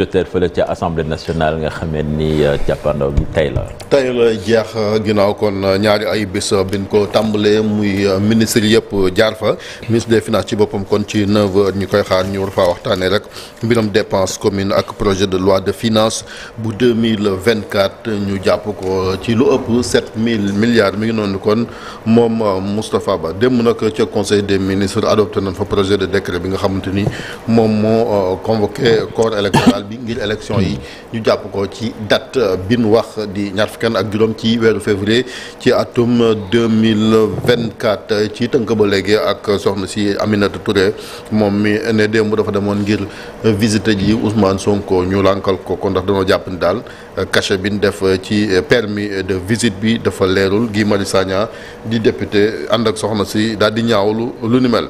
joteer fële ca assemblée nationale nga xamee ni euh, jàppandaw bi tey la. tey la jeex euh, ginnaaw kon euh, ñaari ay bés biñ ko tàmbalee muy ministre yëpp jaar fa ministre des finances ci boppam kon ci 9h ñu koy xaar ñu war faa waxtaanee rek mbiram dépense commune ak projet de loi de finance bu 2024 ñu jàpp ko ci lu ëpp 7000 milliards mi ngi noonu kon moom Moustapha Ba démb nag ca conseil des ministres adopté nañ fa projet de décret bi nga xamante ni moom moo convoqué corps électoral. bi ngir élection yi ñu jàpp ko ci dat euh, bi nu wax di ñaar fukki ak juróom ci weeru février ci atum 2024 ci tënk ba léegi ak soxna si Aminata Touré moom mi ne démb dafa demoon ngir visite ji Ousmane Sonko ñu lànkal ko kon ndax dañoo jàpp ni daal euh, cachet bi ñu def euh, ci permis de visite bi dafa leerul gi Marius Sagna di député ànd ak soxna si daal di ñaawlu lu nimel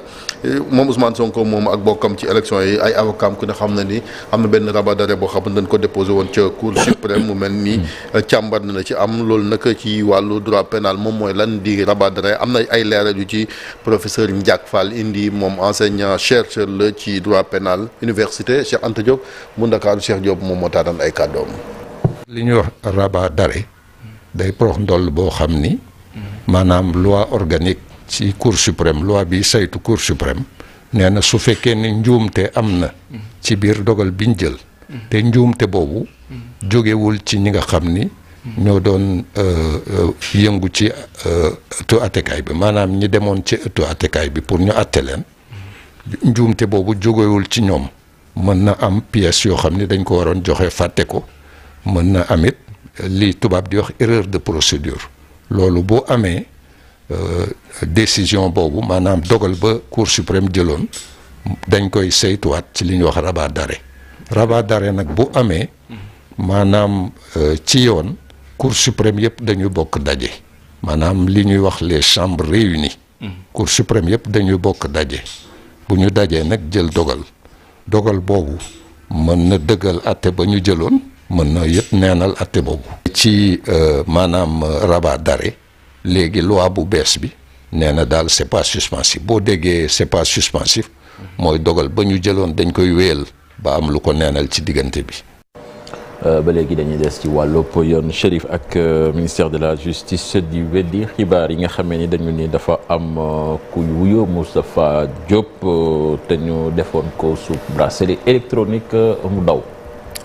moom Ousmane Sonko moom ak bokkam ci élection yi ay avocat am ku ne xam na ni am na benn rabat d'arrêt boo xam ne dañ ko déposé woon ca cour suprême mu ni na ci am loolu nag ci wàllu droit pénal moom mooy lan di rabat d'arrêt am na ay leeral yu ci professeur Ndiak Fall indi moom enseignant chercheur la ci droit pénal université Cheikh Anta Diop mu Ndakaaru Cheikh Diop moom moo taataan ay kàddoom. li ñuy wax rabat d'arrêt day prox ndoll boo xam ni. maanaam loi organique. ci cour suprême loi bi saytu cour suprême nee na su fekkee ne njuumte am na ci biir dogal biñ jël te njuumte boobu jógewul ci ñi nga xam ni ñoo doon euh, euh, yëngu ci euh, ëttu attekaay bi maanaam ñi demoon ci ëttu attekaay bi pour ñu atte leen njuumte boobu jógewul ci ñoom mën na am pièce yoo xam ni dañ ko waroon joxe fàtte ko mën na amit li tubaab di wax erreur de procédure loolu boo amee Euh, décision boobu maanaam dogal ba cour suprême jëloon dañ koy saytuwaat ci li ñuy wax rabat d'arrêt rabat d'arrêt nag bu amee maanaam euh, ci yoon cour suprême yëpp dañu bokk daje maanaam li ñuy wax les chambres réunies cour suprême yëpp dañu bokk daje bu ñu dajee nag jël dogal dogal boobu mën na dëggal atte ba ñu jëloon mën na yëpp neenal atte boobu ci euh, maanaam rabat d'arrêt léegi loi bu bees bi nee na daal c'est pas suspensif boo déggee c'est pas suspensif mooy dogal ba ñu jëloon dañ koy wéyal ba am lu ko neenal ci diggante bi euh, ba léegi dañuy des ci wàllub yoon Chérif ak euh, ministère de la justice di weddi xibaar yi nga xamee ni dañu ni dafa am euh, ku wuyoo Moustapha Diop te ñu defoon ko sous bracelet électronique mu daw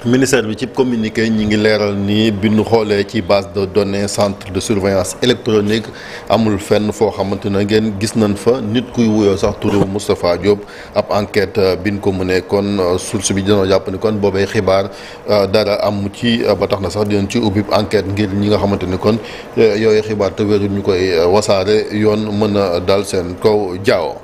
ministère bi ci communiqué ñi ngi leeral ni bi ñu xoolee ci base de données centre de surveillance électronique amul fenn foo xamante ne ngeen gis nañ fa nit kuy wuyoo sax turu Moustapha Diop ab enquête euh, bi ñu ko mënee kon euh, source bi dañoo jàpp ni kon boobee xibaar euh, dara am ci ba tax na sax dinañ ci ubbi enquête ngir ñi nga xamante ni kon yooyu xibaar te wéeru ñu koy wasaare yoon mën a dal seen kaw jaawo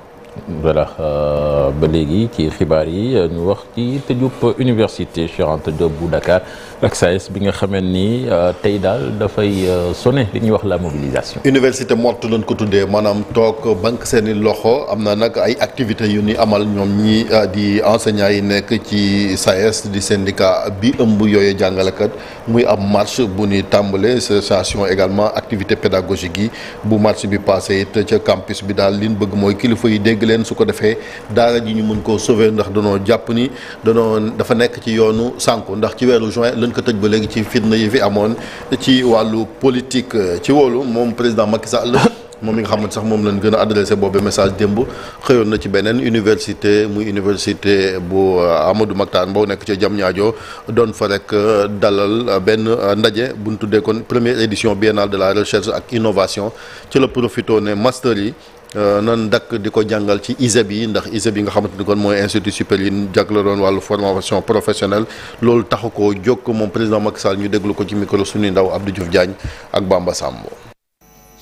voilà euh, ba léegi ci xibaar yi euh, ñu wax ci tëjub université Cheikh Anta bu Dakar ak SAES bi nga xamee ni euh, tey daal dafay sonné li ñuy wax la mobilisation. université morte lañ ko tuddee maanaam toog banque seeni loxo am na nag ay activités yu ni amal ñoom ñi di enseignants yi nekk ci SAES di syndicat bi ëmb yooyu jàngalekat muy am marche bu nuy tàmbale station également activité pédagogique yi bu marche bi passé it ca campus bi daal li bëgg mooy kilifa yi dégg. leen su ko defee daara ji ñu mun koo sauver ndax danoo jàpp ni danoo dafa nekk ci yoonu sànku ndax ci weeru juin lañ ko tëj ba léegi ci fitna yi fi amoon ci wàllu politique euh, ci wóolu moom président Macky Sall moom mi nga xamante sax moom lañ gën a adressé boobu message démb xëyoon na ci beneen université muy université bu euh, Amadou Mahtar Mbow nekk ci jam Diamniadio doon fa rek euh, dalal benn ndaje buntu dee kon première édition biennale de la recherche ak innovation ci la profité ne master yi. Euh, nan dakk di ko jàngal ci ISEB yi ndax ISEB yi nga xamante ni kon mooy institut supérieur yi jagle doon wàllu formation professionnelle loolu taxu ko jokk moom président Macky Sall ñu déglu ko ci micro suñu ndaw Abdou Diouf Diagne ak Bamba Sambo.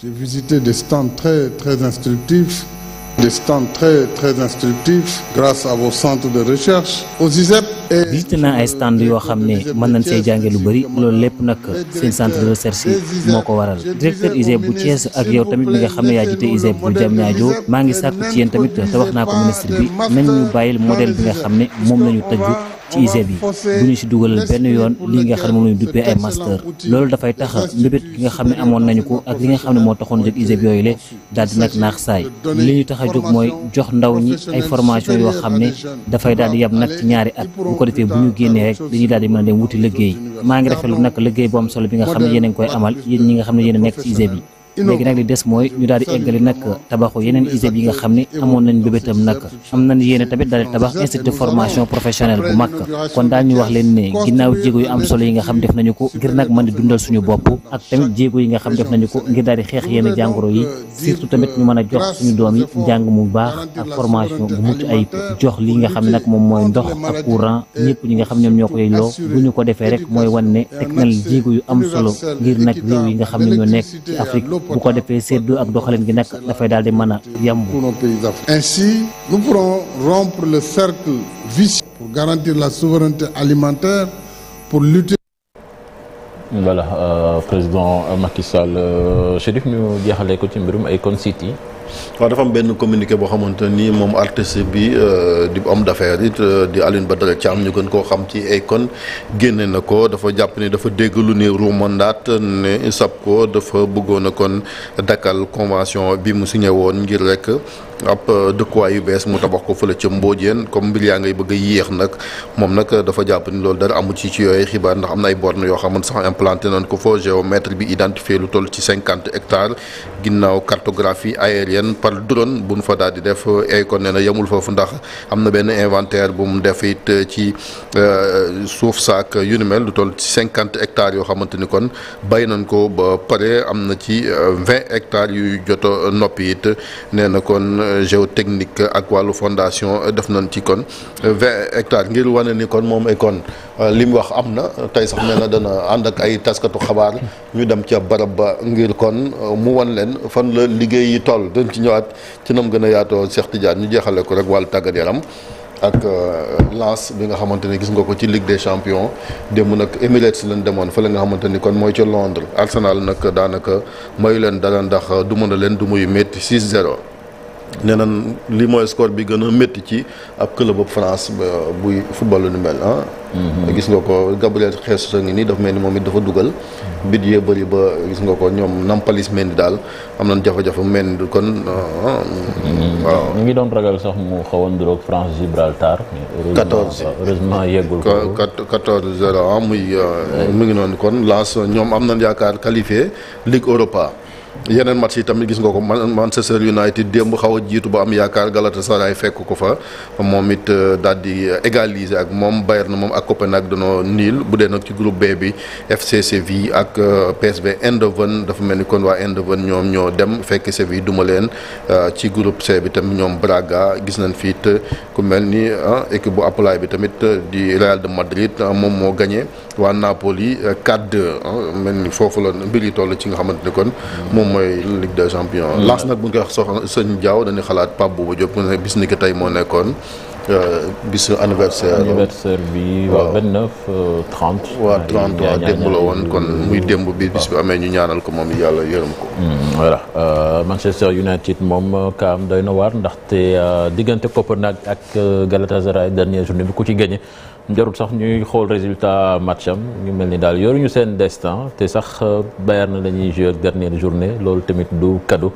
J'ai visité des stands très instructifs. des stands très très instructifs grâce à vos naa ay stand yoo xam ne mën nañ see jànge lu bëri loolu lépp nag seen centre de recherche yi moo ko waral directeur ISEP bu cees ak yow tamit mi nga xam ne yaa jiite ISEP bu Diamniadio maa ngi sàkku ci yéen tamit te wax naa ko ministre bi nañ ñu bàyyil modèle bi nga xam ne moom la ñu tëgg ci ISEP yi bu ñu si dugalal benn yoon lii nga xam ne moom lañu duppee ay master loolu dafay taxa mbébét gi nga xam ne amoon nañu ko ak li nga xam ne moo taxoon jóg ISEP yooyu le daal di nag naax saay li ñu tax a jóg mooy jox ndaw ñi ay formation yoo xam ne dafay daal di yam nag ci ñaari at bu ko defee bu ñu génnee rek dañuy daal di mën a dem wuti liggéey maa ngi rafetlu nag liggéey bu am solo bi nga xam ne yéen koy amal yéen ñi nga xam ne yéen nekk ci ISEP yi léegi nag li des mooy ñu daal di eggali nag tabaxu yeneen ISEP yi nga xam ne amoon nañ bébétam nag am nañ yéene tamit daal di tabax institut formation professionnelle bu mag kon daal ñu wax leen ne ginnaaw jéego yu am solo yi nga xam def nañu ko ngir nag mën dundal suñu bopp ak tamit yi nga xam def nañu ko ngir daal di xeex yenn jàngoro yi tamit ñu mën a jox suñu doom yi njàng mu baax ak bu mucc ayib jox li nga xam nag moom mooy ndox ak courant ñëpp ñi nga xam ñoom ñoo koy loo bu ñu ko defee rek mooy wan ne teg nañ jéego yu am solo ngir nag réew yi nga xam ne ñoo nekk ci Afrique bu ko defee séddoo ak doxalin gi nag dafay daal di mën a yemb. Ainsi, nous pourrons rompre le cercle vicieux pour garantir la souveraineté alimentaire pour lutter. voilà euh, président Macky Sall euh, Chérif ñu jeexalee ko ci mbirum Akon City. waa dafa benn communiqué boo xamante ni moom artiste bi euh, di homme d'affaires it euh, di ba Alioune Badara am ñu gën koo xam ci Akon génne na ko dafa jàpp ni dafa dégg lu ne ruumandaat ne SAPCO dafa bëggoon a kon dakkal convention bi mu si signé woon ngir rekk ab euh, dëkkuwaay yu bees mu tabax ko fële ca Mbodiène comme mbir yaa ngay bëgg a yéex nag moom nag dafa jàpp ni loolu dara amu ci ci yooyu xibaar ndax am na ay borne yoo xamante sax implanté nañ ko fa géomètre bi identifié lu toll ci cinquante hectares ginnaaw cartographie aérienne par drone bu nu fa daal di def euh, ay kon nee na yemul foofu ndax am na benn inventaire bu mu def it euh, ci suuf saak yu ni mel lu toll ci cinquante hectares yoo xamante ni kon bay nañ ko ba pare am na ci vingt hectares yu jot a noppi it géotechnique ak wàllu fondation euh, def nañ ci kon euh, vingt hectares ngir wane ni kon moom kon euh, li mu wax am na tey sax mel na dana ànd ak ay taskatu xabaar ñu dem ca barab ba ngir kon mu wan leen fan la liggéey yi tool dañ ci ñëwaat ci nam gën a yaatoo Cheikh Tidiane ñu jeexale ko rek wàllu tàggat yaram ak lance bi nga xamante ne gis nga ko ci Ligue des champions démb nag Emirates lañ demoon fa la nga xamante ni kon mooy ca Londres Arsenal nag daanaka mayu leen dara ndax du mën a leen du muy métti 6-0. nee nan li mooy score bi gën a métti ci ab club bu France buy football lu ni mel ah. mhm. gis nga ko Gabriel Jesus a ngi nii dafa mel ni moom it dafa dugal. Mhm. bit yee bëri ba gis nga ko ñoom Nampalys Mendy daal am nañ jafe-jafe mel ni kon. Ah, ah. mu mhm. ngi doon ragal sax mu xaw a nduroog France Gibraltar. quatorze heureusement yeggul ko quatorze zéro muy euh, mu ngi noonu kon Lens ñoom am nañ yaakaar qualifié Ligue Europa. yeneen match yi tamit gis nga ko Manchester United démb xaw a jiitu ba am yaakaar Galatasaray fekk ko fa moom it euh, daal di euh, égaliser ak moom na moom ak Copenhague danoo niil bu dee nag ci groupe B bi FC Séville ak euh, PSV Eindhoven dafa mel ni kon waa Eindhoven ñoom ñoo dem fekk Séville duma leen ci groupe C bi tamit ñoom Braga gis nañ fii it ku mel ni équipe bu bi tamit di Real de Madrid moom moo gagné waa Napoli 4-2 mel ni foofu la mbir yi ci nga xamante ni kon. mooy Ligue de Champions. Mm. Lens nag bu ñu koy wax soxna sëñ Diaw xalaat Pape Bouba Diop ne bis ni ki tey moo nekkoon. Euh, bis anniversaire anniversaire bi waaw 29 30. waaw 30 euh, waaw démb la woon kon muy démb bi bis bi amee ñu ñaanal ko moom yàlla yërëm ko. Mm, voilà euh, Manchester United moom kaam doy na waar ndaxte diggante Copenhague ak Galatasaray dernier journée bi ku ci gagné. jarul sax ñuy xool résultat match am ñu mel ni daal ñu seen destin te sax euh, Bayern la ñuy jouer dernière journée loolu tamit du cadeau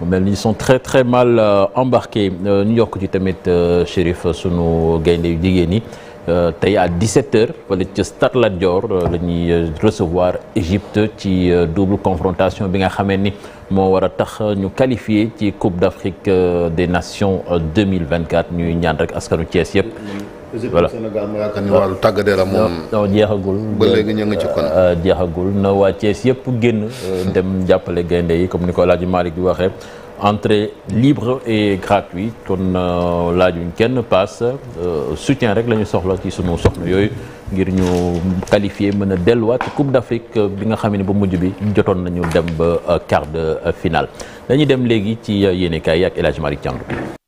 mu mel ni ils sont très très mal euh, embarqués euh, ñu yokk ci tamit Chérif sunu gaynde yu jigéen ñi tey à 17h wala ca Stade Lat Dior la ñuy recevoir Égypte ci double confrontation bi nga xamee ni moo war a tax ñu qualifié ci Coupe d'Afrique des Nations 2024 ñuy ñaan rek askanu Thiès yëpp. voilà Sénégal ma yaakaar ni wàllu tàggat moom. jeexagul. ba léegi ñu ngi ci kon. Euh, jeexagul na waa Thiès yëpp génn. Euh, dem jàppale gaynde yi comme ni ko El Hadj Malick di waxee. entrée libre et gratuite kon euh, laajuñ kenn passe soutien rek lañu soxla ci suñu soxna yooyu ngir ñu qualifier mën a delluwaat ci Coupe d'Afrique bi nga xam ne ba mujj bi jotoon nañu dem ba quart de finale dañuy dem léegi ci yéenekaay yi ak El Hadj